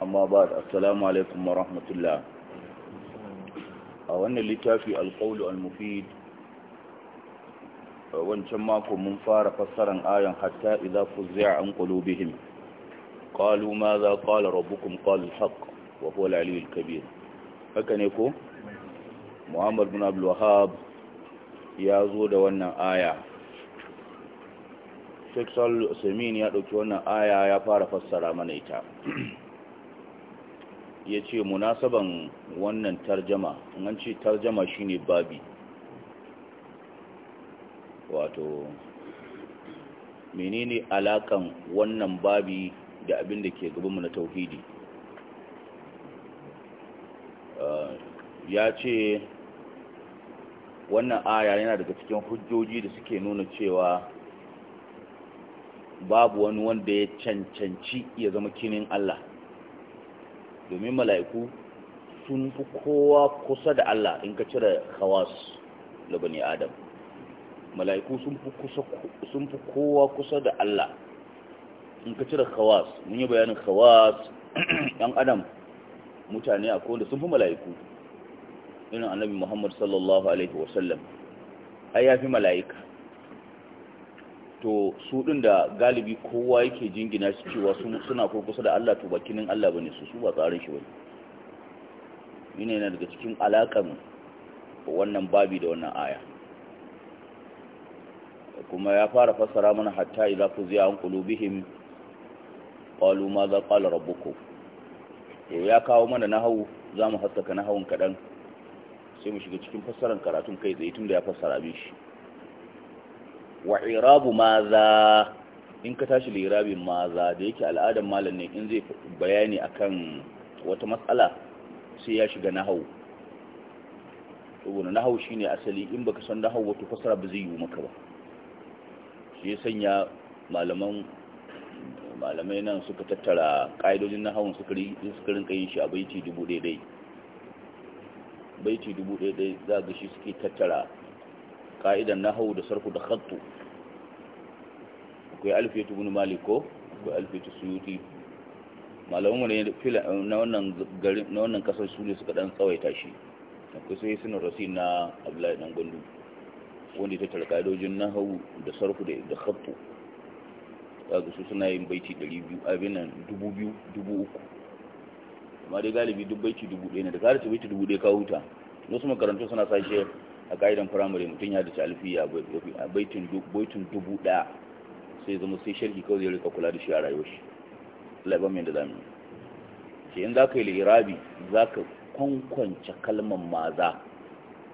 amma ba da assalamu alaikum wa rahmatullah a wannan littafi alƙaulu al-mufid wancan mako mun fara fassaran ayan hatta idza fuzza an qulubihim qalu ma za qala rabbukum qala al-haq wa huwa al-ali al-kabir haka ne ko muhammad bin abdul wahhab ya zo da wannan aya Sheikh Saul Usaimin ya ɗauki wannan aya ya fara fassara mana ita. ya ce munasaban wannan tarjama an ce tarjama shi ne babi wato menene alakan wannan babi da abin da ke gabanmu na tauhidi ya ce wannan aya yana daga cikin hujjoji da suke nuna cewa babu wani wanda ya cancanci ya zama kinin Allah domin mala'iku sun fi kowa kusa da Allah in ka cire khawas da bani adam mala'iku sun fi kowa kusa da Allah in ka cire khawas mun yi bayanin khawas ɗan adam mutane a kowanne sun fi mala'iku irin annabi muhammad sallallahu alaihi wasallam ai ya fi mala'ika to su din da galibi kowa yake jingina shi cewa suna kusa da Allah to bakinin Allah bane su su ba tsarin shi bane mene ne daga cikin alakan wannan babi da wannan aya kuma ya fara fassara mana hatta ila fuziya an qulubihim qalu ma za qala rabbukum to ya kawo mana nahawu zamu haskaka nahawun kadan sai mu shiga cikin fassaran karatun kai tsaye tunda ya fassara bishi wa irabu maza in ka tashi lirabin maza da yake al'adar malamin ne in zai bayani akan wata matsala sai ya shiga nahau saboda nahau shine asali in baka san nahau wato fasara ba zai yi maka ba shi ya sanya malaman malamai nan suka tattara ƙa'idojin nahawun suka rinka yin shi a baiti dubu ɗaya baiti dubu ɗaya za ga shi suke tattara ka'idan nahawu da sarfu da khattu akwai alfiyatu bin maliko akwai alfiyatu suyuti malamu ne na wannan garin na wannan kasar su ne suka dan tsawaita shi akwai sai sunan rasi na abdullahi dan gundu wanda ta tara ka'idojin nahawu da sarfu da da khattu kaga su suna yin baiti 200 abin nan 2000 3000 amma dai galibi duk baiti 1000 ne da ka race baiti 1000 ka huta wasu makarantu suna sashe a ga'idan firamare mutum ya dace alfiya a baitin dubu ɗaya sai zama sai shirki kawai zai rika kula da shi a rayuwar shi labar da ce in za ka yi lirabi za ka kwankwance kalmar maza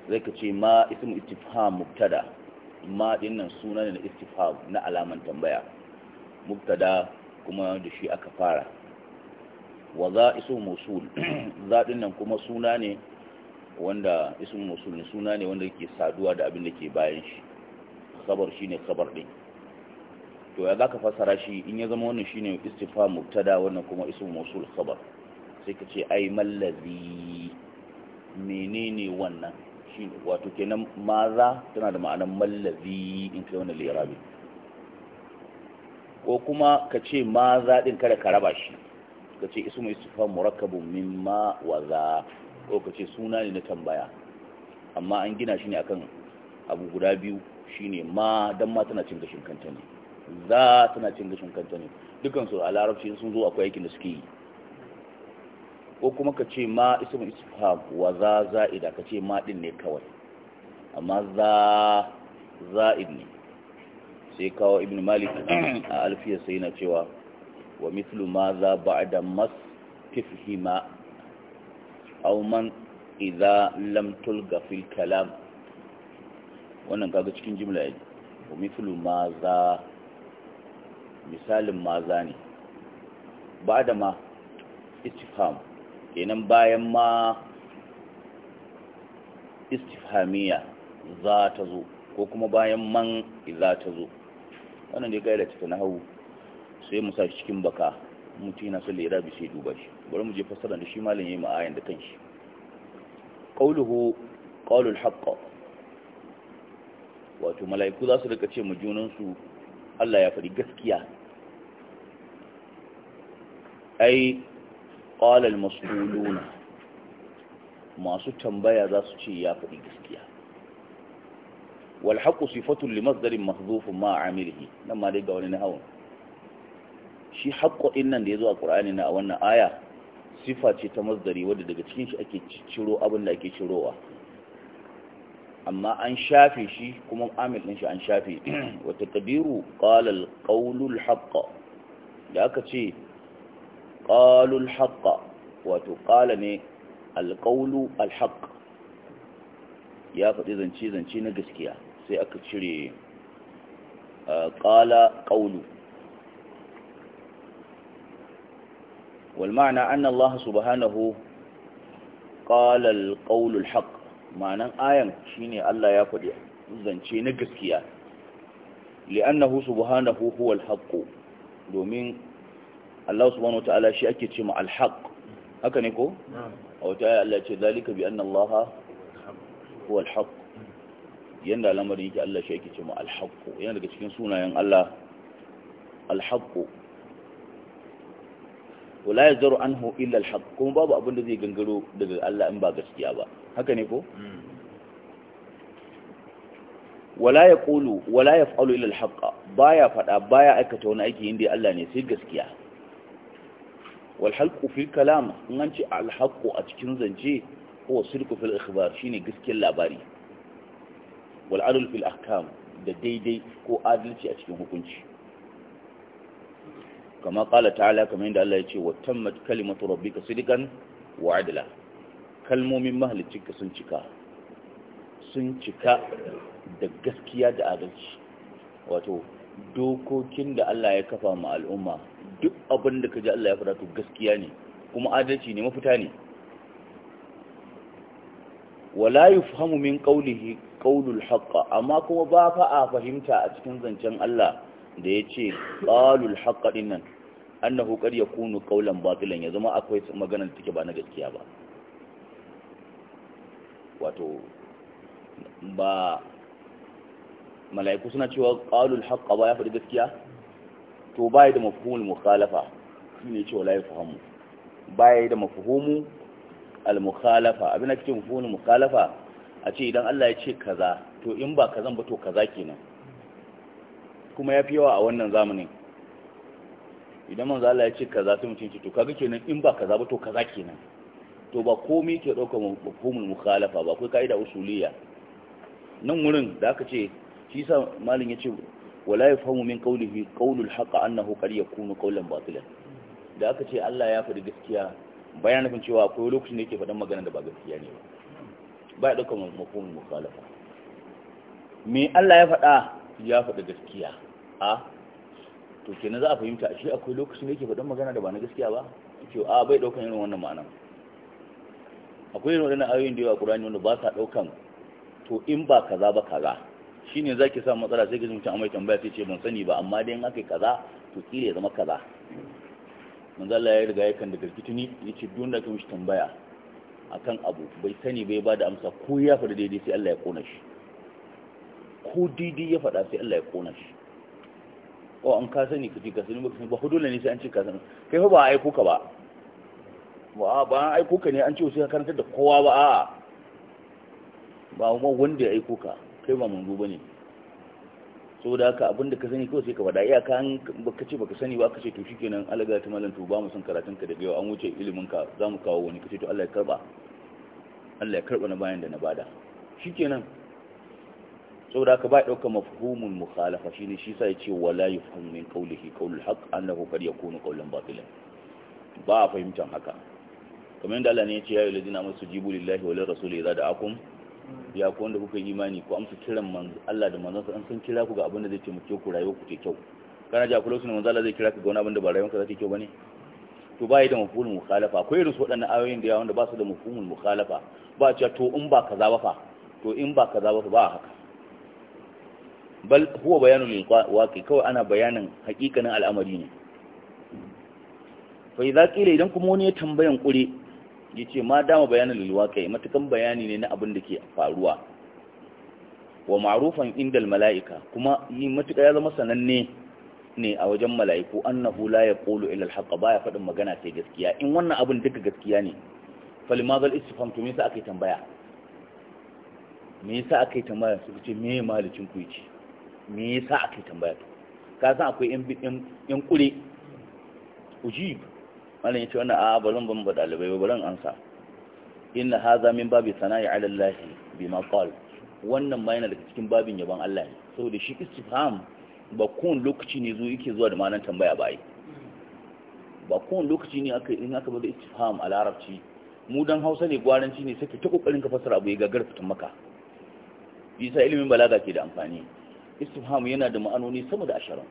zai ka ce ma ismu istifham mubtada ma dinnan suna ne na istifham na alaman tambaya mubtada kuma da shi aka fara wa za isu musul za dinnan kuma suna ne wanda ismin musulmi suna ne wanda ke saduwa da abin da ke bayan shi khabar shine khabar din to ya zaka fasara shi in ya zama wannan shine istifa mubtada wannan kuma ismin musul khabar sai ka ce ai mallazi menene wannan shine wato kenan maza tana da ma'anar mallazi in kai wannan lirabi ko kuma ka ce maza din kada ka raba shi ka ce ismin istifa murakkabun mimma wa za ko ka ce suna ne na tambaya amma an gina shi ne akan abu guda biyu shi ne ma don ma tana cin gashin kanta ne za tana cin gashin kanta ne dukansu a larabci sun zo akwai aikin da suke yi ko kuma ka ce ma ismu isfam wa za za'ida ka ce ma din ne kawai amma za za'id ne sai kawo ibn malik a alfiyar sai na cewa wa mithlu ma za ba'da mas tifhima aw man idza lam tulga fil kalam wannan kaga cikin jimla yake wa mithlu ma za misalin ma za ne ba da ma istifham kenan bayan ma istifhamiya za ta zo ko kuma bayan man idza ta zo wannan dai gaida ta na hawu sai mu sa cikin baka mutum yana son lera bi sai duba shi bari mu je fassara da shi malam yi ma'ayin da kanshi qawluhu qawlul haƙƙa wato mala'iku za su rika ce mu junansu Allah ya faɗi gaskiya ai ƙalal masu masuluna masu tambaya za su ce ya faɗi gaskiya wal haqqu sifatun li masdarin mahdhufun ma nan ma dai ga wani nahawun shi haƙƙo ɗin nan da ya zo a ƙura'ani na a wannan aya sifa ce ta mazdari wadda daga cikin shi ake ciro abin da ake cirowa amma an shafe shi kuma amil ɗin shi an shafe wata ƙabiru ƙalal ƙaunul haƙƙa da aka ce ƙalul haƙƙa wato ƙala ne alƙaunu alhaƙ ya faɗi zance-zance na gaskiya sai aka cire ƙala eh, ƙaunu والمعنى أن الله سبحانه قال القول الحق معنى آية شيني الله يفضي زنشي نقسكيا لأنه سبحانه هو الحق دومين الله سبحانه وتعالى شيء أكتشم الحق هكذا أو تعالى الله ذلك بأن الله هو الحق yanda lamarin yake Allah shi yake cewa alhaqqu yana daga cikin sunayen Allah alhaqqu wala ya zaru an hu illa alhaq kuma babu abin da zai gangaro daga Allah in ba gaskiya ba haka ne ko wala ya qulu wala yaf'alu illa alhaq baya fada baya aikata wani aiki inda Allah ne sai gaskiya wal halqu fi kalam in an ce alhaq a cikin zance ko sirku fil ikhbar shine gaskiyar labari wal adl fil ahkam da daidai ko adalci a cikin hukunci kama kala ta'ala kama yadda Allah ya ce wa tammat kalimatu rabbika sidqan wa adla kalmomin mahaliccinka sun cika sun cika da gaskiya da adalci wato dokokin da Allah ya kafa ma al'umma duk abin da kaji Allah ya fada to gaskiya ne kuma adalci ne mafita ne wala yufhamu min qawlihi qawlul haqq amma kuma ba fa a fahimta a cikin zancen Allah da ya ce ƙalul haƙa an na annahu ya kunu ƙaunar batulan ya zama akwai magana da take ba na gaskiya ba wato ba mala'iku suna cewa ƙalul haƙa ba ya faɗi gaskiya to bai da mafhumul mukhalafa ne cewa la yafhamu yi da mafhumu al mukhalafa abin da ke mafhumul mukhalafa a ce idan Allah ya ce kaza to in ba kazan ba to kaza kenan kuma ya fi yawa a wannan zamanin idan man Allah ya ce kaza sai mutum ce to kaga kenan in ba kaza ba to kaza kenan to ba komai ke daukar mafhumul mukhalafa ba kai kaida usuliyya nan wurin da aka ce shi sa malin ce wala fahimu min qawlihi qawlul haqq annahu qad yakunu qawlan batilan da aka ce Allah ya faɗi gaskiya bayan nufin cewa akwai lokacin da yake faɗin magana da ba gaskiya ne ba ba ya daukar mafhumul mukhalafa me Allah ya faɗa ya faɗi gaskiya a to kenan za a fahimta shi akwai lokacin da yake faɗin magana da ba na gaskiya ba ce a bai ɗaukan irin wannan ma'anan akwai irin waɗannan ayoyin da yawa ƙurani wanda ba sa ɗaukan to in ba kaza ba kaza za zaki sa matsala sai gajin mutum amai tambaya sai ce ban sani ba amma dai in aka yi kaza to kila ya zama kaza manzo Allah ya riga kan da garkituni yace duk da ka mishi tambaya akan abu bai sani bai bada amsa ko ya faɗa daidai sai Allah ya kona shi ko daidai ya faɗa sai Allah ya kona shi o an ka sani kaji ka sani ba ba hudu ne sai an ce ka sani kai fa ba a aiko ka ba ba ba an aiko ka ne an ce sai ka karantar da kowa ba a ba kuma wanda ya aiko ka kai ba ne so da haka abinda ka sani kawai sai ka faɗa iyaka an baka ce baka sani ba ka ce to shikenan alaga ta malam to ba mu san karatun ka daga yau an wuce ilimin ka za mu kawo wani ka ce to Allah ya karba Allah ya karba na bayan da na bada shikenan saboda ka ba dauka mafuhumun mukhalafa shine shi sai yace wala yufham min qawlihi qawlul haqq annahu qad yakunu qawlan batila ba a fahimtar haka kamar yadda Allah ne ya ce ya ayyuhallazina amanu sujibu lillahi wa lirrasuli idza da'akum ya ku wanda kuka yi imani ku amsa kiran manzo Allah da manzo an san kira ku ga abin da zai taimake ku rayuwa ku ta kyau kana ji akwai lokacin manzo Allah zai kira ka ga wani abin da ba rayuwanka ka za ta kyau bane to ba yi da mafhumul mukhalafa akwai irin su waɗannan ayoyin da yawa wanda ba su da mafhumul mukhalafa ba a cewa to in ba kaza ba fa to in ba kaza ba fa ba haka bal huwa bayanul waqi kawai ana bayanin hakikanin al'amari ne fa idza qila idan kuma wani ya tambayan kure yace ma dama bayanul waqi matukan bayani ne na abin da ke faruwa wa ma'rufan indal mala'ika kuma yi matuka ya zama sananne ne a wajen mala'iku annahu la yaqulu illa al-haqq baya fadin magana sai gaskiya in wannan abin duka gaskiya ne fa istifam to me yasa aka yi tambaya me yasa aka yi tambaya suka ce me malicin ku yace me yasa ake tambaya to ka san akwai yan yan kure ujib mallan yace wannan a ba zan ban ba dalibai ba ran ansa inna hadha min babi sana'i ala Allah bima qala wannan ma yana daga cikin babin yaban Allah ne saboda shi istifham ba kun lokaci ne zo yake zuwa da malan tambaya ba ai ba kun lokaci ne aka in aka bada istifham a larabci mu dan Hausa ne gwaranci ne sai ta kokarin ka fasara abu ya ga garfutun maka bisa ilimin balaga ke da amfani istifham yana da ma'anoni sama da ashirin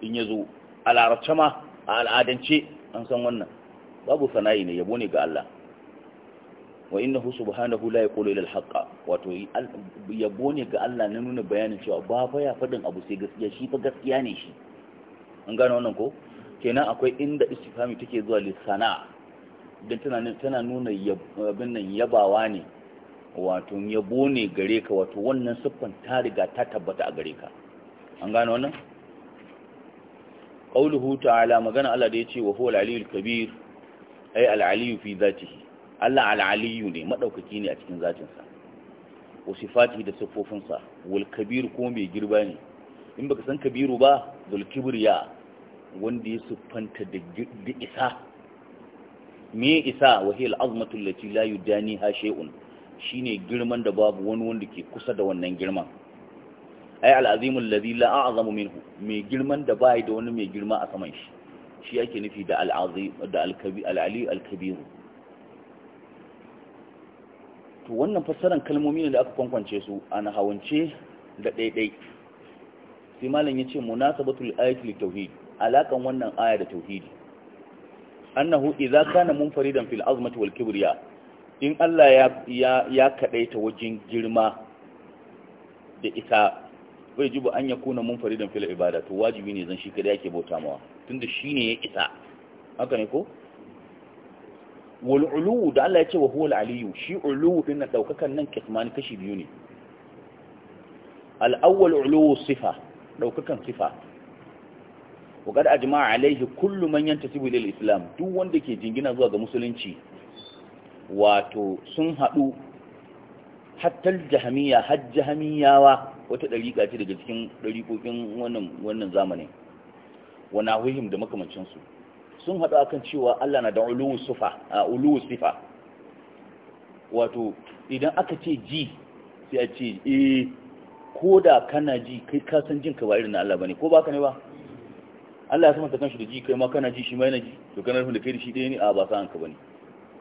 in ya zo a larabce ma a al'adance an san wannan babu sana'i ne yabo ne ga Allah wa innahu subhanahu la yaqulu illa al-haqqa wato yabo ne ga Allah na nuna bayanin cewa ba fa ya fadin abu sai gaskiya shi fa gaskiya ne shi an gano wannan ko kenan akwai inda istifhami take zuwa lisana dan tana nuna abin yabawa ne wato ya bone gare ka wato wannan siffan ta riga ta tabbata a gare ka an gano wannan qauluhu ta'ala magana Allah da yace wa huwal aliyul kabir ay al aliyu fi zatihi Allah al ne madaukaki ne a cikin zatin sa wa sifatihi da siffofin sa wal kabir ko mai girba ne in baka san kabiru ba zul kibriya wanda ya siffanta da isa me isa wa hiya al azmatu allati la yudaniha shay'un shine girman da babu wani wanda ke kusa da wannan girman ai Al'azimun ladhi la a'zamu minhu mai girman da bai da wani mai girma a saman shi shi yake nufi da al'azim da al-kabir al-ali al-kabir to wannan fassaran kalmomi ne da aka kwankwance su ana hawance da daidai sai malam yace munasabatul ayatul tauhid alakan wannan aya da tauhidi annahu idza kana munfaridan fil azmati wal kibriya in Allah ya ya ya kadaita wajen girma da ita bai jibu an ya kuna mun faridan fil ibada to wajibi ne zan shi kada yake bauta mawa tunda shine ya isa haka ne ko wal ulu da Allah ya ce wa huwa al aliyu shi ulu din na daukakan nan kismani kashi biyu ne al awwal ulu sifa daukakan sifa wa qad ajma'a alayhi kullu man yantasibu lil islam duk wanda ke jingina zuwa ga musulunci wato sun haɗu hattar jahamiya har jahamiyawa wata ɗariƙa ce daga cikin ɗariƙoƙin wannan zamanin wana huhim da makamancinsu sun haɗu akan cewa Allah na da uluwu sifa wato idan aka ce ji sai a ce e ko da kana ji kai ka san jin ka ba irin na Allah bane ko ba ka ne ba Allah ya samanta kanshi da ji kai ma kana ji shi ma yana ji to kana da kai da shi ɗaya ne a ba sa'an ba bane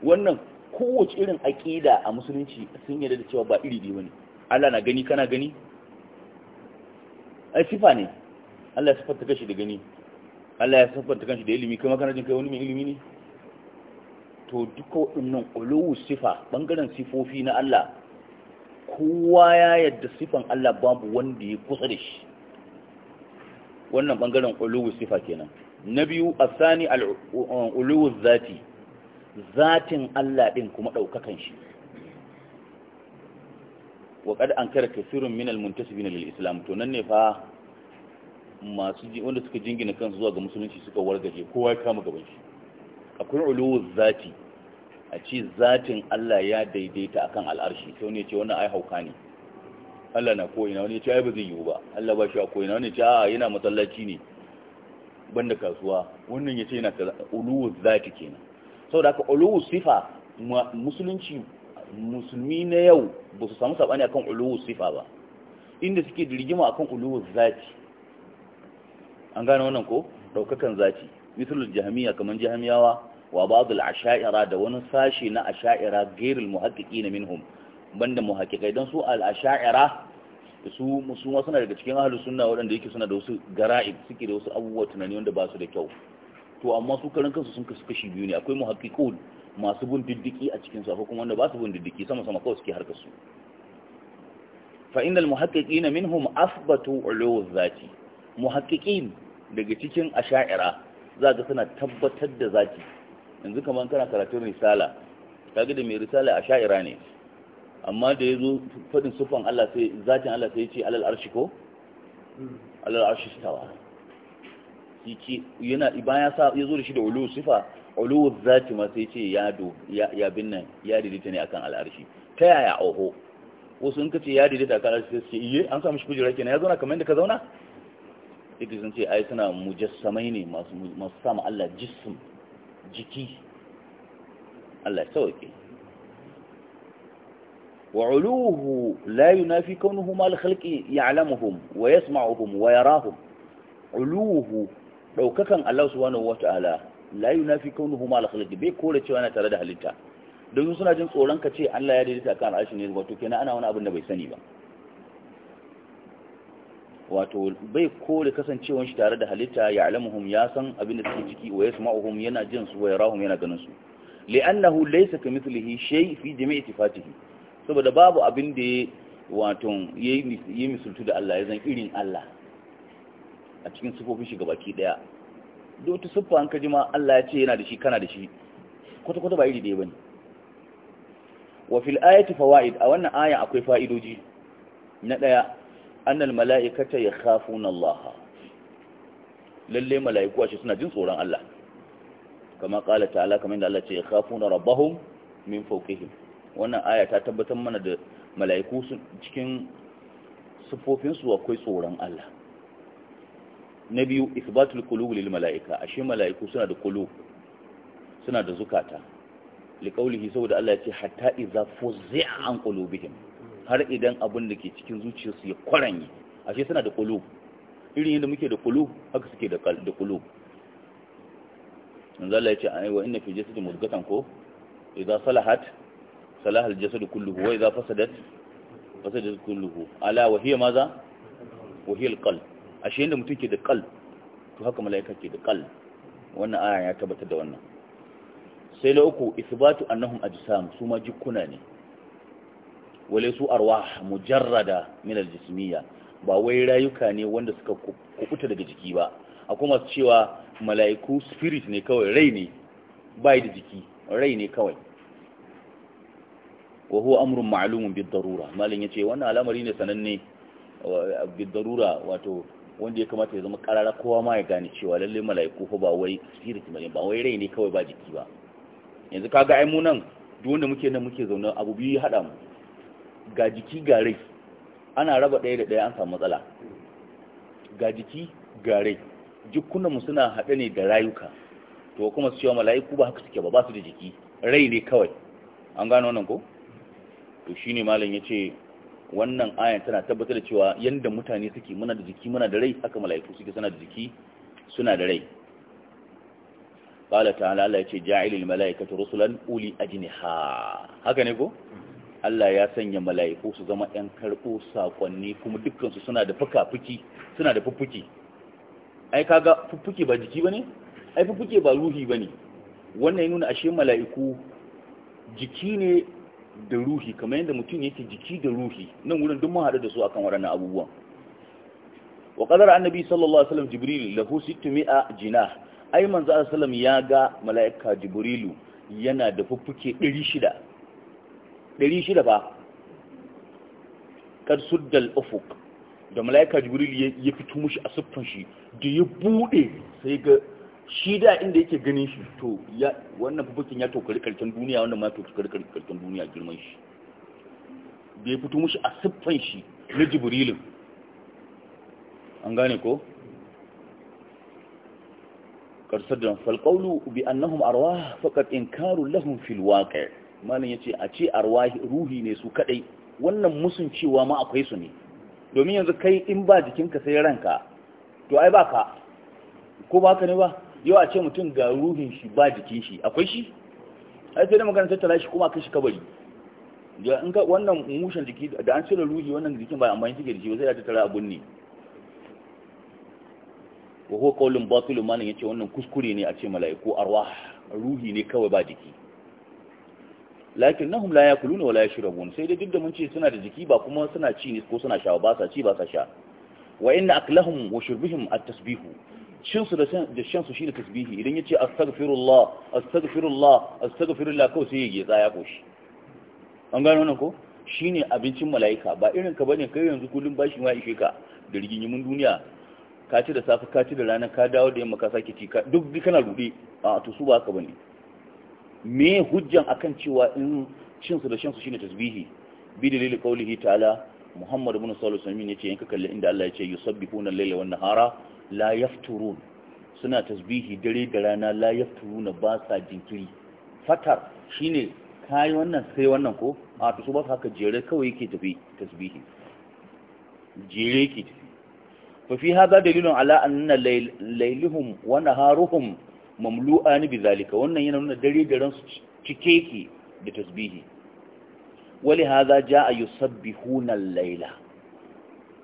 wannan kowace irin aƙida a musulunci sun yarda da cewa ba iri biyu ne. Allah na gani kana gani ai sifa ne Allah ya siffanta kashi da gani Allah ya siffanta kanshi da ilimi kuma kana jin kai wani mai ilimi ne to duka waɗannan ƙulowar sifa ɓangaren sifofi na Allah kowa ya yadda sifan Allah babu wanda ya kusa da shi wannan ɓangaren ƙulowar sifa kenan na biyu asani sani al'ulowar zati zatin Allah ɗin kuma ɗaukakan shi wa kada an kara kasirin minal muntasibin lil islam to nan ne fa masu ji wanda suka jingina kansu zuwa ga musulunci suka wargaje kowa ya kama gaban shi akwai uluwuz zati a ce zatin Allah ya daidaita akan al'arshi sai wani ya ce wannan ai hauka ne Allah na koyi na wani ya ce ai ba zai yiwu ba Allah ba shi a ko wani ya ce a yana matsalaci ne banda kasuwa wannan ya ce yana uluwuz zati kenan saboda haka uluwu sifa musulunci musulmi na yau ba su samu sabani akan uluwu sifa ba inda suke dirgima akan uluwu zati an gane wannan ko ɗaukakan zati misalul jahmiya kaman jahmiyawa wa ba'dul asha'ira da wani sashi na asha'ira gairul muhaqqiqina minhum banda muhaqqiqai dan su al asha'ira su su suna daga cikin ahlus sunna waɗanda yake suna da wasu gara'ib suke da wasu abubuwa tunani wanda ba su da kyau to amma su karan kansu sun kasu kashi biyu ne akwai muhaqqiqun masu bin diddiki a cikin su akwai kuma wanda ba su bin diddiki sama sama kawai suke harkar su fa innal muhaqqiqina minhum asbatu ulu zati muhaqqiqin daga cikin asha'ira ka suna tabbatar da zati yanzu kaman kana karatun risala ga da mai risala asha'ira ne amma da yazo fadin sufan Allah sai zatin Allah sai ya ce alal arshi ko hmm. alal arshi stawa yake yana bayan sa yazo da shi da ulu sifa ulu zati ma sai ce ya do ya binna ya daidaita ne akan al'arshi ta yaya oho wasu in ka ce ya daidaita akan al'arshi sai ce iye an samu shi kujira kenan ya zauna kamar yadda ka zauna ita sun ce ai suna mujassamai ne masu masu sama Allah jism jiki Allah ya sauke وعلوه لا ينافي كونهما الخلق يعلمهم ويسمعهم ويراهم علوه daukakan Allah subhanahu wataala la yunafi kaunuhu ma al khaliq bai kore cewa yana tare da halitta don suna jin tsoron ka ce Allah ya daidaita kan al'arshi ne wato kenan ana wani abin da bai sani ba wato bai kore kasancewar shi tare da halitta ya alamuhum ya san abin da suke ciki wa yasma'uhum yana jin su wa yarahum yana ganin su li'annahu laysa kamithlihi shay fi jami'i sifatihi saboda babu abin da wato yayi misultu da Allah ya zan irin Allah a cikin sufofin shi gabaki daya duk wata siffa an kaji ma Allah ya ce yana da shi kana da shi kwata-kwata ba iri ɗaya bane wa fil ayati fawaid a wannan aya akwai fa'idoji na daya annal mala'ikata yakhafuna Allah lalle mala'iku ashe suna jin tsoron Allah kama qala ta'ala kamar da Allah ce yakhafuna rabbahum min fawqihim wannan aya ta tabbatar mana da mala'iku cikin sufofinsu akwai tsoron Allah na biyu isbatul qulub lil malaika ashe malaiku suna da qulub suna da zukata liqaulihi saboda Allah ya ce hatta idza fuzi'a an qulubihim har idan abin da ke cikin zuciyarsu ya kwaranye ashe suna da qulub irin yadda muke da qulub haka suke da da qulub manzo Allah ya ce ai wa inna fi jasadi mudghatan ko idza salahat salaha al jasadu kulluhu wa idza fasadat fasadat kulluhu ala wa hiya maza wa hiya al qalb ashe inda mutum ke da kal to haka mala'ika ke da kal wannan aya ya tabbatar da wannan sai na uku isbatu annahum ajsam su ma jikuna ne wale su arwah mujarrada min aljismiya ba wai rayuka ne wanda suka kubuta daga jiki ba akwai masu cewa mala'iku spirit ne kawai rai ne bai da jiki rai ne kawai wa huwa amrun ma'lumun bid darura malin yace wannan al'amari ne sananne bid darura wato wanda ya kamata ya zama karara kowa ma ya gane cewa lalle mala'iku ba wai spirit bane ba wai rai ne kawai ba jiki ba yanzu kaga ai mu nan duk wanda muke nan muke zaune abu biyu hada mu ga jiki ga rai ana raba ɗaya da ɗaya an samu matsala ga jiki ga rai jikunanmu suna haɗe ne da rayuka to kuma su cewa mala'iku ba haka suke ba ba su da jiki rai ne kawai an gano wannan ko to shine malam yace wannan ayan tana tabbatar da cewa yanda mutane suke muna da jiki muna da rai haka mala'iku suke suna da jiki suna da rai qala ta'ala Allah yace ja'ilil mala'ikata rusulan uli ajniha haka ne ko Allah ya sanya mala'iku su zama ɗan karɓo sakonni kuma dukkansu suna da fuka-fuki suna da fuffuki ai kaga fuffuki ba jiki bane ai fuffuki ba ruhi bane wannan ya nuna ashe mala'iku jiki ne da ruhi kamar yadda mutum yake jiki da ruhi nan wurin duk mun haɗu da su akan waɗannan abubuwan wa qadara annabi sallallahu alaihi wasallam jibril lahu mi'a jina ai manzo sallallahu alaihi wasallam ya ga malaika jibrilu yana da fuffuke 600 600 ba kad suddal ufuq da malaika jibril ya fito mushi a suffan shi da ya bude sai ga shi da inda yake ganin shi to ya wannan bukin ya tokari karshen duniya wannan ma tokari karshen duniya girman shi bai fito mushi a siffan shi na jibrilin an gane ko karsar da falqaulu bi annahum arwah faqat inkaru lahum fil waqi' malan yace a ce arwahi ruhi ne su kadai wannan musun cewa ma akwai su ne domin yanzu kai in ba jikinka sai ranka to ai baka ko baka ne ba yau a ce mutum ga ruhin shi ba jikin shi akwai shi ai sai da magana tara shi kuma kai shi kabari da in ka wannan mushen jiki da an cire ruhi wannan jikin ba amma yake da shi sai ta tattara abun ne wa huwa qawlun batil malan yace wannan kuskure ne a ce mala'iku arwah ruhi ne kawai ba jiki lakinnahum la yakuluna wala yashrabun sai dai duk da mun ce suna da jiki ba kuma suna ci ne ko suna sha ba sa ci ba sa sha wa inna aklahum wa shurbihim at-tasbihu Shinsu da shansu shi da tasbihi idan ya ce astagfirullah astagfirullah astagfirullah kawai sai ya yi tsaya ko shi an gano wannan ko shi ne abincin mala'ika ba irin ka bane kai yanzu kullum bashi ma ishe ka da rigingimin duniya ka ci da safe ka ci da rana ka dawo da yamma ka sake ci duk duk kana rude a to su ba ka bane me hujjan akan cewa in shinsu da shansu shine tasbihi bi dalilin qaulihi ta'ala Muhammad ibn alaihi wasallam ne ce yanka kalli inda Allah ya ce yusabbihuna al-laila wan nahara la yafturun suna tasbihi dare da rana la yafturun ba sa jinkiri fatar shine kai wannan sai wannan ko a to su ba haka jere kawai yake tafi tasbihi jere yake tafi fa fi hada dalilun ala anna layluhum wa naharuhum mamlu'an bi zalika wannan yana nuna dare da su cike yake da tasbihi wali hada jaa yusabbihuna al-layla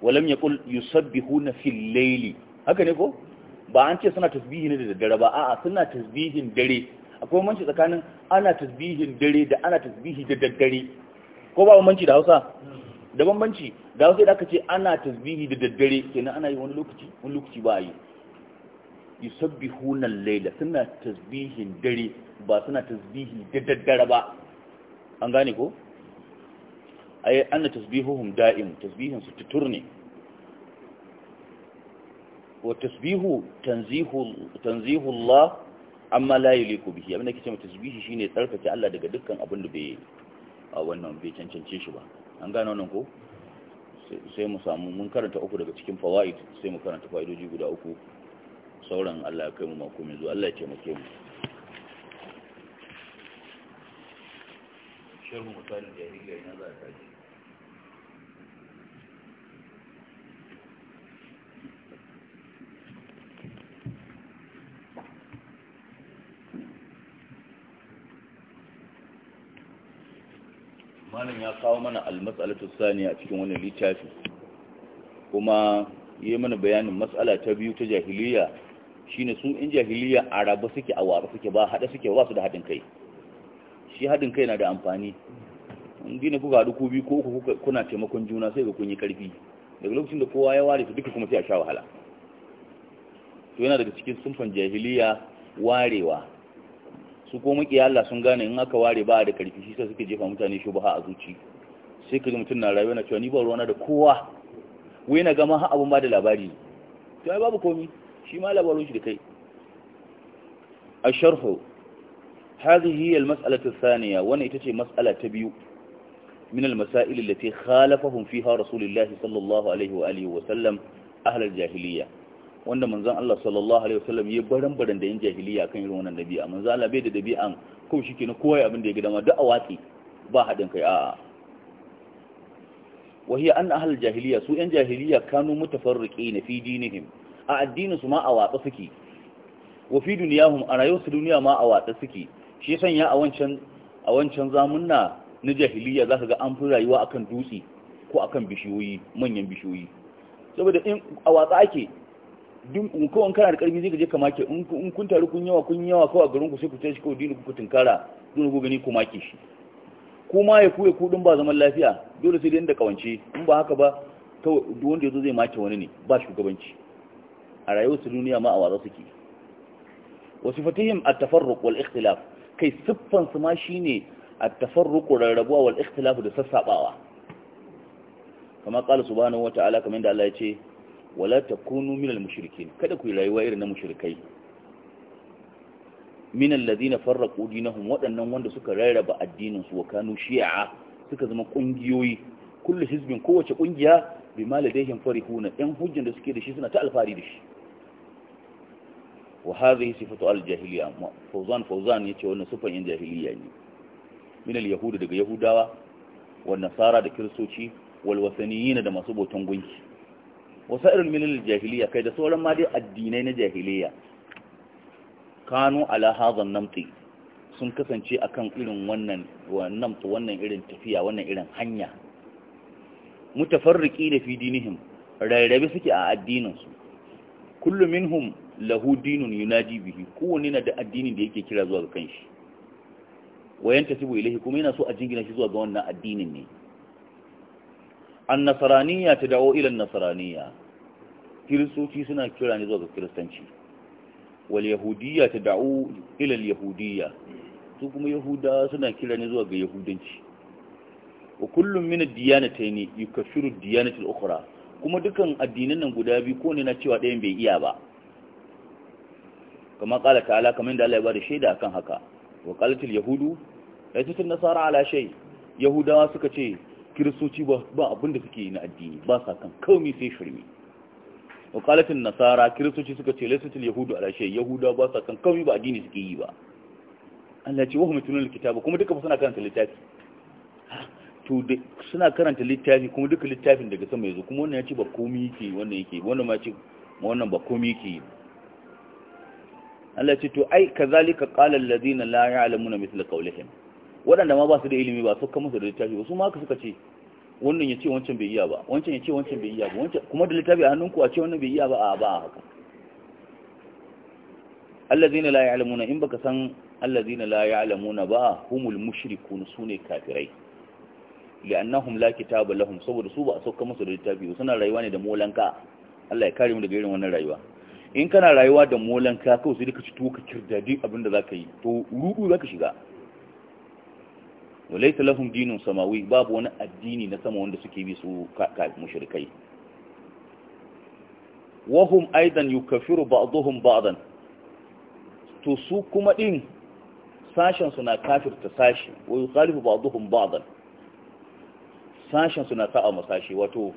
lam yaqul yusabbihuna fil layli haka ne ko ba an ce suna tasbihi ne da daddare ba a'a suna tasbihin dare akwai manci tsakanin ana tasbihin dare da ana tasbihi da daddare ko ba bambanci da Hausa da bambanci da Hausa da aka ce ana tasbihi da daddare kenan ana yi wani lokaci wani lokaci ba yi yusabbihuna al-laila suna tasbihin dare ba suna tasbihi da daddare ba an gane ko ai anna tasbihuhum da'im tasbihin su tuturne ne wa tasbihu tanzihu الله Allah amma la yuliku bihi abinda kike mu tasbihi shine tsarkake Allah daga dukkan abin da bai a wannan bai cancance shi ba an gano wannan ko sai mu samu mun karanta uku daga cikin fawaid sai mu karanta faidoji guda uku sauran Allah ya kai mu mako mai zuwa Allah ya taimake mu sharhu misalin jahiliya ina za ta ji Wannan ya kawo mana almas'alatu saniya cikin wannan littafi kuma yi mana bayanin mas'ala ta biyu ta jahiliya shine su in jahiliya araba suke a wara suke ba hada suke ba su da hadin kai shi hadin kai na da amfani in gina kuka haɗu ku biyu ko uku kuna taimakon juna sai ga kun yi karfi daga lokacin da kowa ya ware su duka kuma sai a sha wahala to yana daga cikin sunfan jahiliya warewa su ko muƙiya Allah sun gane in aka ware ba da karfi shi sai suka jefa mutane shi ba a zuci sai ka na rayuwa na cewa ni ba ruwana da kowa wai na gama har abun ba da labari to babu komi shi ma labarin shi da kai a sharhu hadhihi al mas'alat al ita ce mas'ala ta biyu min al masail allati khalafahum fiha rasulullahi sallallahu alaihi wa wanda manzon Allah sallallahu alaihi wasallam ya baran baran da yin jahiliya kan irin wannan dabi'a manzon Allah bai da dabi'an ko shi na kowa abin da ya gida ma duk a watsi ba hadin kai a'a wahiya an ahal jahiliya su yan jahiliya kanu na fi dinihim a addinin su ma a watsa suke wa fi dunyahum a rayuwar su duniya ma a watsa suke shi ya sanya a wancan a wancan zamunna na jahiliya zaka ga an fi rayuwa akan dutse ko akan bishiyoyi manyan bishiyoyi saboda in a watsa ake duk ko in kana da karfi zai gaje ka make in kun taru kun yawa kun yawa kawai a garin ku sai ku tashi kawai dini ku tunkara dole ku gani ku make shi kuma ya kuya kudin ba zaman lafiya dole sai dai inda kawance in ba haka ba kawai duk wanda yazo zai make wani ne ba shugabanci a rayuwar su duniya ma a waza suke Wasu fatihim a tafarruk wal ikhtilaf kai siffan su ma shine at-tafarruq rarrabuwa wal ikhtilaf da sassaɓawa. kama kala subhanahu wa ta'ala kamar da Allah ya ce wala takunu minal mushrikin kada ku yi rayuwa irin na mushrikai minal ladina farraqu dinahum waɗannan wanda suka rarraba addinin su wa kanu shi'a suka zama ƙungiyoyi, kullu hizbin kowace kungiya bima maladehin farihuna ɗan hujjan da suke da shi suna ta alfari da shi wa hadhihi sifatu al-jahiliya fawzan fawzan yace wannan sifan yan jahiliya ne min al daga yahudawa wa nasara da kristoci wal wasaniyina da masu boton gunki Wasu irin milil jahiliya kai da sauran ma dai addinai na jahiliya kanu ala namti sun kasance akan irin wannan wannan wannan irin tafiya wannan irin hanya mutafarriqi da fi dinihim rairabe suke a addininsu kullu minhum lahu dinun yunaji bihi kowanne na da addinin da yake kira zuwa ga kanshi wayan tasibu ilahi kuma yana so a jingina shi zuwa ga wannan addinin ne annasaraniya ta dawo ilan nasaraniya kiristoci suna kira ne zuwa ga kiristanci wal yahudiyya ta dawo ilal yahudiyya su kuma yahuda suna kira ne zuwa ga yahudanci wa kullum min ad ne yukaffiru ad-diyanata al-ukhra kuma dukan addinin nan guda biyu ko ne na cewa ɗayan bai iya ba kama kala ta'ala kamar da Allah ya bada shaida akan haka wa qalatil yahudu laysat an-nasara ala shay yahudawa suka ce kiristoci ba abin da suke yi na addini ba sa kan kaumi sai shirme wakalatin nasara kiristoci suka ce laisatul yahudu ala shay yahuda ba sa kan kaumi ba addini suke yi ba Allah ce wahum tunul kitaba kuma duka suna karanta littafi to suna karanta littafi kuma duka littafin daga sama yazo kuma wannan ya ce ba komi yake wannan yake wannan ma ce wannan ba komi yake Allah ce to ai kazalika qala alladhina la ya'lamuna mithla qawlihim waɗanda ma ba su da ilimi ba su kama su da littafi ba su ma haka suka ce wannan ya ce wancan bai iya ba wancan ya ce wancan bai iya ba wancan kuma da littafi a hannunku a ce wannan bai iya ba a ba haka allazina la ya'lamuna in baka san allazina la ya'lamuna ba humul mushrikun sune kafirai li'annahum la kitaba lahum saboda su ba a sauka su da littafi suna rayuwa ne da molanka Allah ya kare mu daga irin wannan rayuwa in kana rayuwa da molanka kawai sai ka ci tuka kirdadi abinda zaka yi to rudu zaka shiga wa laysa lahum dinun samawi babu wani addini na sama wanda suke bi su mushrikai wa hum aidan yukafiru ba'dhum ba'dan to su kuma din sashen suna kafirta sashi wa yukhalifu ba'dhum ba'dan sashen suna sa'a masashi wato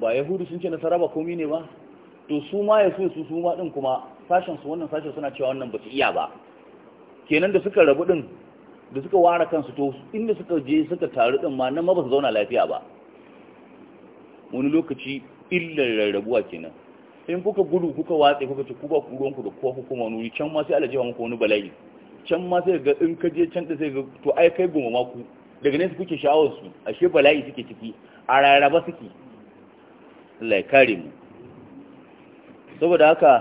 ba yahudu sun ce na saraba komai ne ba to su ma ya so su su ma din kuma sashen su wannan sashen suna cewa wannan ba su iya ba kenan da suka rabu din da suka ware kansu to inda suka je suka taru din ma nan ma ba su zauna lafiya ba wani lokaci illar rarrabuwa kenan in kuka gudu kuka watse kuka ci kuba ruwanku da kowa hukuma wani can ma sai ala jefa muku wani bala'i can ma sai ga in ka je can da sai ga to ai kai goma ma ku daga nesa kuke sha'awar su ashe bala'i suke ciki a rarraba suke Allah ya kare mu saboda haka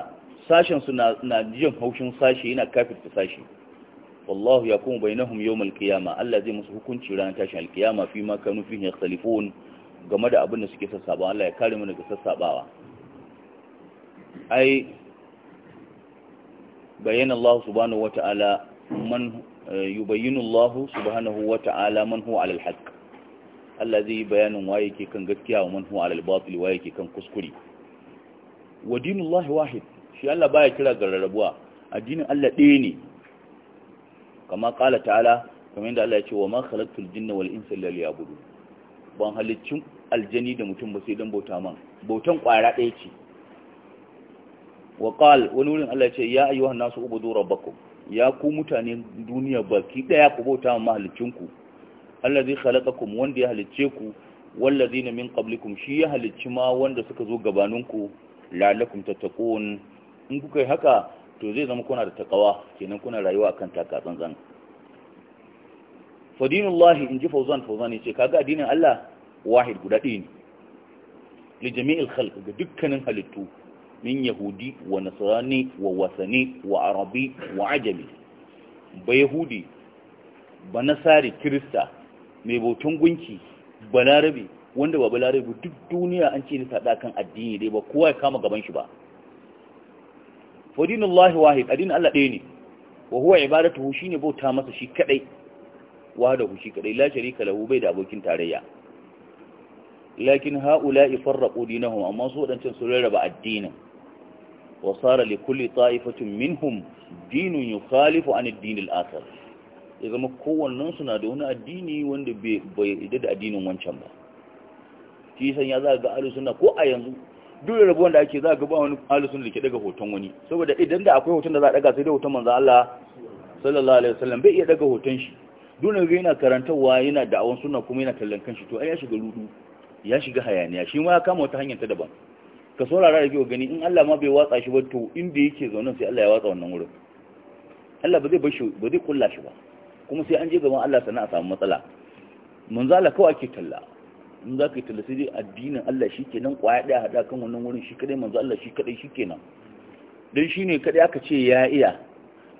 sashen su na jin haushin sashi yana kafirta sashi wallahu ya kuma bainahum yawmal qiyama Allah zai musu hukunci ranar tashin alkiyama fi maka nufin ya yakhtalifun game da abin da suke sassabawa Allah ya kare mana daga sassabawa ai bayyana Allah subhanahu wata'ala man eh, yubayyinu Allah subhanahu wata'ala man huwa alal haqq Allah zai yi bayanin waye ke kan gaskiya wa man huwa alal batil waye ke kan kuskure wa dinullahi wahid shi Allah baya kira ga rarrabuwa addinin Allah ɗaya ne kama kala ta'ala kamar yadda Allah ya ce wa ma khalaqtul jinna wal insa illa liya'budun ban halicci aljani da mutum ba sai dan bauta man bautan kwara daya ce wa qal wani wurin Allah ya ce ya ayyuhan nasu ubudu rabbakum ya ku mutane duniya baki daya ku bauta ma ku allazi khalaqakum wanda ya halicce ku wallazina min qablikum shi ya halicci ma wanda suka zo gabaninku la'allakum tattaqun in kuka yi haka to zai zama kuna da taƙawa, kenan kuna rayuwa kan takatsantsan fadinullahi in ji fauzan fauzan ya ce kaga addinin Allah wahid guda ɗaya ne li jami'il khalq ga dukkanin halittu min yahudi wa nasrani wa wasani wa arabi wa ajami ba yahudi ba nasari kirista mai bautan gunki Balarabi, wanda ba Balarabi duk duniya an ce ni sada kan addini dai ba kowa ya kama gaban shi ba wa dinullahi wahid addinin Allah ɗaya ne wa huwa ibadatuhu shine bauta masa shi kadai wahdahu shi kadai la sharika lahu bai da abokin tarayya lakin haula'i farraqu dinahum amma su can sun rarraba addinin wa sara li kulli ta'ifatin minhum dinun yukhalifu an ad-din al-akhar ya zama kowannen su na da wani addini wanda bai da addinin wancan ba shi san ya za ga alu sunna ko a yanzu duk da rabuwan da ake za a gaba wani alisun da ke daga hoton wani saboda idan da akwai hoton da za a daga sai dai hoton manzan Allah sallallahu alaihi wasallam bai iya daga hoton shi duk da yana karantarwa yana da'awan suna kuma yana tallan kanshi to ai ya shiga rudu ya shiga hayaniya shi ma ya kama wata hanyar ta daban ka saurara da kyau gani in Allah ma bai watsa shi ba to inda yake zaune sai Allah ya watsa wannan wurin Allah ba zai bar shi ba zai kulla shi ba kuma sai an je gaban Allah sannan a samu matsala manzala kawai ake talla in za ka yi tallafi da addinin Allah shi nan kwaya ɗaya haɗa kan wannan wurin shi kaɗai manzo Allah shi kaɗai shi nan don shi ne kaɗai aka ce ya iya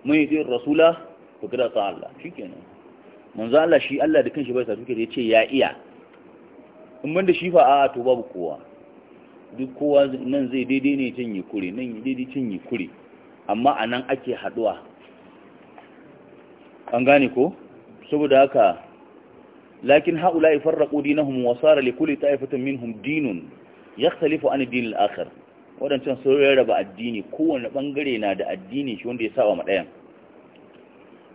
mun yi ɗin rasula ba kira sa Allah shi nan manzo Allah shi Allah da kanshi bai sarfi ya ce ya iya in ban da shi fa a to babu kowa duk kowa nan zai daidai ne can yi kure nan daidai can yi kure amma a nan ake haɗuwa an gane ko saboda haka lakin haula ifarraqu dinahum wa sara li kulli ta'ifatin minhum dinun yakhtalifu an din al-akhar wadancan sun rarraba addini kowanne bangare na da addini shi wanda ya saba ma dayan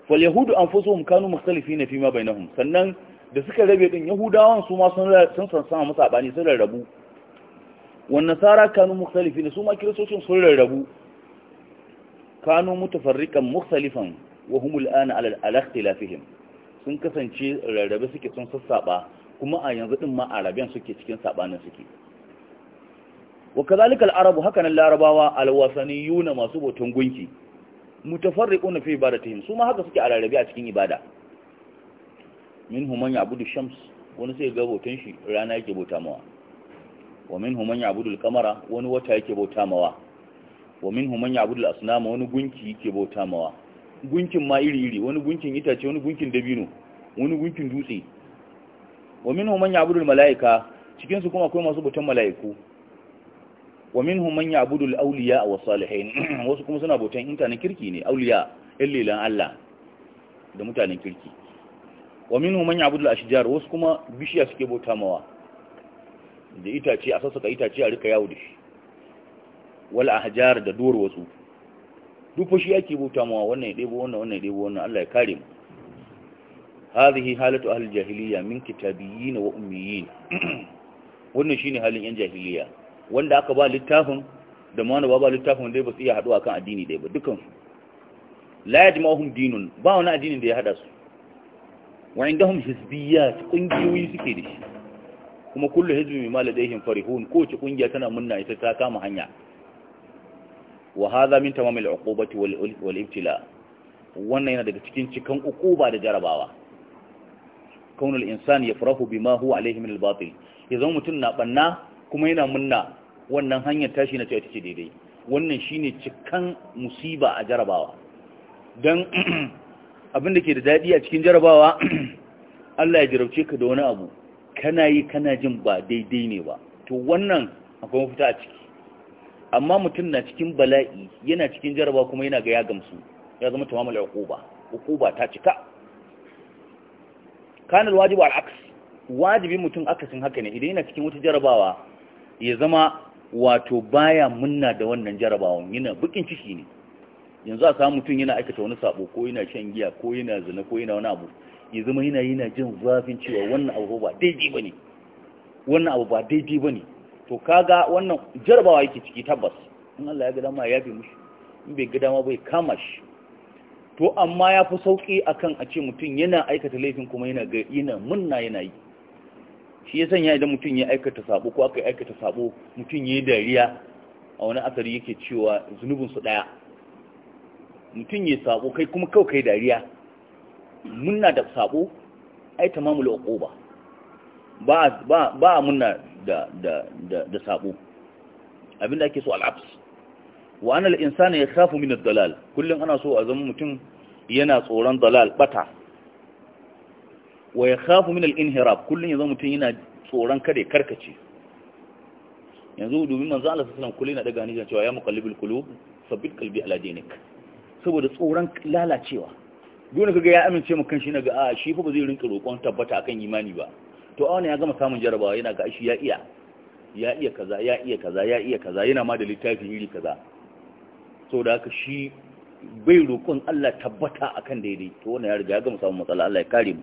fal yahudu anfusuhum kanu mukhtalifina fima bainahum sannan da suka rabe din yahudawan su ma sun sun san sama musabani sun rarrabu wan nasara kanu mukhtalifina su ma kiristocin ana ala sun kasance rarrabe suke sun sassaba kuma a yanzu din ma a suke cikin sabanin suke wa kazalika al-arabu hakan nan larabawa al-wasaniyuna masu botun gunki mutafarriquna fi ibadatihim su ma haka suke a rarrabe a cikin ibada minhum man ya'budu shams wani sai ga botun shi rana yake bota mawa wa minhum man ya'budu al-qamara wani wata yake bota mawa wa minhum man ya'budu al-asnama wani gunki yake bota mawa gunkin ma iri-iri wani gunkin itace wani gunkin dabino wani gunkin dutse wa minhum man ya'budu al-mala'ika cikin su kuma akwai masu bautan mala'iku wa minhum man ya'budu al-awliya wa salihin wasu kuma suna bautan mutanen kirki ne awliya illilan Allah da mutanen kirki wa minhum man ya'budu al-ashjar wasu kuma bishiya suke bauta mawa da itace a sassaka itace a rika yawo da shi wal ahjar da duwar wasu duk shi ake bauta mawa wannan ya ɗebo wannan wannan ya ɗebo wannan Allah ya kare mu hadhihi halatu ahli jahiliya min kitabiyyin wa ummiyyin wannan shine halin yan jahiliya wanda aka ba littafin da ma wanda ba ba littafin dai ba su iya haɗuwa kan addini dai ba dukan su la yajma'uhum dinun ba wani addinin da ya hada su wa indahum hizbiyyat kungiyoyi suke da shi kuma kullu hizbi bima ladayhim farihun kowace kungiya tana munna ita ta kama hanya wa hadha min tamamil uqubati wal ibtila wannan yana daga cikin cikan ukuba da jarabawa kaunul insani yafrahu bima huwa alayhi min al-batil yanzu na banna kuma yana munna wannan hanyar tashi na cewa daidai wannan shine cikan musiba a jarabawa dan abin da ke da dadi a cikin jarabawa Allah ya jarabce ka da wani abu kana yi kana jin ba daidai ne ba to wannan akwai mafita a ciki amma mutum na cikin bala'i yana cikin jaraba kuma yana ga ya gamsu ya zama tamamul uquba uquba ta cika kana wajibi al wajibi mutum akasin haka ne idan yana cikin wata jarabawa ya zama wato baya munna da wannan jarabawan yana bukin ciki ne yanzu a samu mutum yana aikata wani sabo ko yana shan giya ko yana zina ko yana wani abu ya zama yana yana jin zafin cewa wannan abu ba daidai bane wannan abu ba daidai bane to kaga wannan jarabawa yake ciki tabbas in Allah ya gada ma ya bi mushi in bai gada ma bai kama shi to amma ya fi sauƙi akan a ce mutum yana aikata laifin kuma yana yana munna yana yi shi ya sanya idan mutum ya aikata sabo ko aka aikata sabo mutum ya yi dariya a wani asari yake cewa zunubinsu ɗaya mutum ya sabo kai kuma kawai kai dariya munna da sabo ai tamamul uquba ba ba ba munna da da da da sabo abinda ake so al'abs wa anal insana yakhafu min ad-dalal kullun ana so a zama mutum yana tsoron dalal bata wa yakhafu min al-inhirab kullun ya zama mutum yana tsoron kada ya karkace yanzu domin manzo Allah sallallahu alaihi wasallam kullun yana daga ni cewa ya muqallibul qulub sabbit qalbi ala dinik saboda tsoron lalacewa dole kaga ya amince mu kan shi ga a shi fa ba zai rinka roƙon tabbata akan imani ba to a wani ya gama samun jarabawa yana ga shi ya iya ya iya kaza ya iya kaza ya iya kaza yana ma da littafi iri kaza so da haka shi bai roƙon Allah tabbata akan daidai to wannan ya riga ya gama samun matsala Allah ya kare mu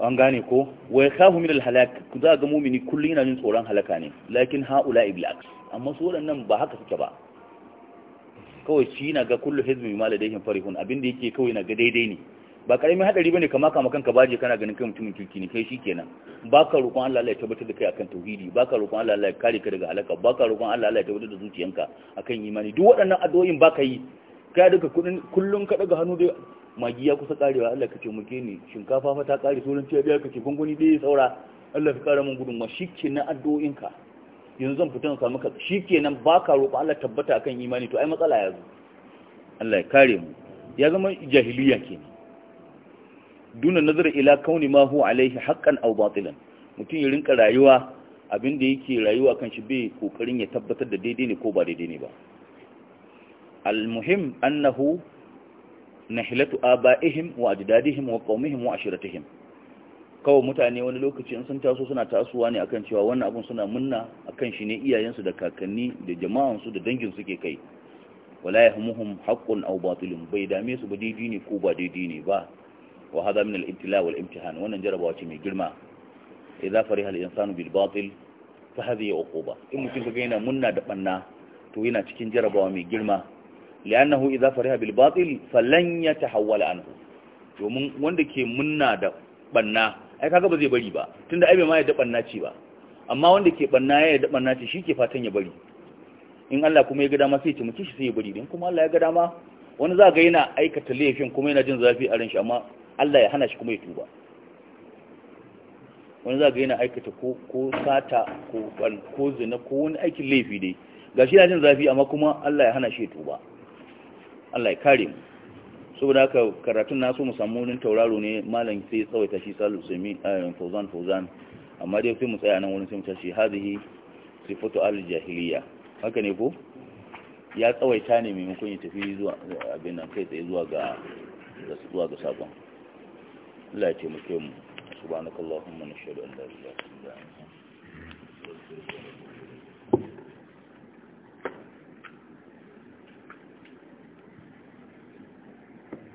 an gane ko wai khafu min al-halak ku za ga mu'mini kullun yana jin tsoron halaka ne lakin haula iblak amma su wadannan ba haka suke ba kawai shi na ga kullu hizbi ma ladaihim farihun abin da yake kawai na ga daidai ne ba karamin hadari bane kama kama kanka baje kana ganin kai mutumin kirki ne kai shikenan baka roƙon Allah Allah ya tabbatar da kai akan tauhidi baka roƙon Allah Allah ya kare ka daga halaka baka roƙon Allah Allah ya tabbatar da zuciyanka akan imani duk waɗannan addu'o'in baka yi kai duka kudin kullun ka daga hannu dai magiya kusa karewa Allah ka mu ni shinkafa fa ta kare sauran ciya biya kake gunguni dai saura Allah ka kara mun gudun ma shikenan addu'o'inka yanzu zan fita samu ka shikenan baka roƙon Allah tabbata akan imani to ai matsala ya zo Allah ya kare mu ya zama jahiliya kenan duna nazar ila kauni ma huwa alaihi haqqan aw batilan mutum ya rinka rayuwa abin yake rayuwa kan shi bai kokarin ya tabbatar da daidai ne ko ba daidai ne ba almuhim annahu nahlatu aba'ihim wa ajdadihim wa qaumihim wa ashiratihim kawai mutane wani lokaci in sun taso suna tasowa ne akan cewa wannan abun suna munna akan shi ne iyayensu da kakanni da jama'ansu da dangin suke kai wala yahmuhum haqqun aw batilun bai dame su ba daidai ne ko ba daidai ne ba wa hada min al-ibtila wal imtihan wannan jarabawa ce mai girma idza fariha al-insanu bil batil fa hadhihi uquba in mutum kaga yana munna da banna to yana cikin jarabawa mai girma li'annahu idza fariha bil batil falan yatahawwala anhu domin wanda ke munna da banna ai kaga ba zai bari ba tunda ai bai ma ya da banna ce ba amma wanda ke banna ya da banna shi ke fatan ya bari in Allah kuma ya ga dama sai ya mutum shi sai ya bari din kuma Allah ya ga dama wani za ga yana aikata laifin kuma yana jin zafi a ran shi amma Allah ya hana shi kuma ya tuba wani za ga yana aikata ko sata ko zina ko wani aikin laifi dai ga shi yajin zafi amma kuma Allah ya hana shi ya tuba Allah ya kare mu saboda haka karatun naso mu samu wurin tauraro ne malam sai tsawaita shi salu sami eh, fauzan fauzan amma dai sai mu tsaya nan wurin sai mu tashi hadhihi sifatu al jahiliya haka ne ko ya tsawaita ne maimakon ya tafi zuwa abin nan kai tsaye zuwa ga zuwa ga sabon Allah ya taimake mu subhanakallahumma nashhadu an la ilaha illa anta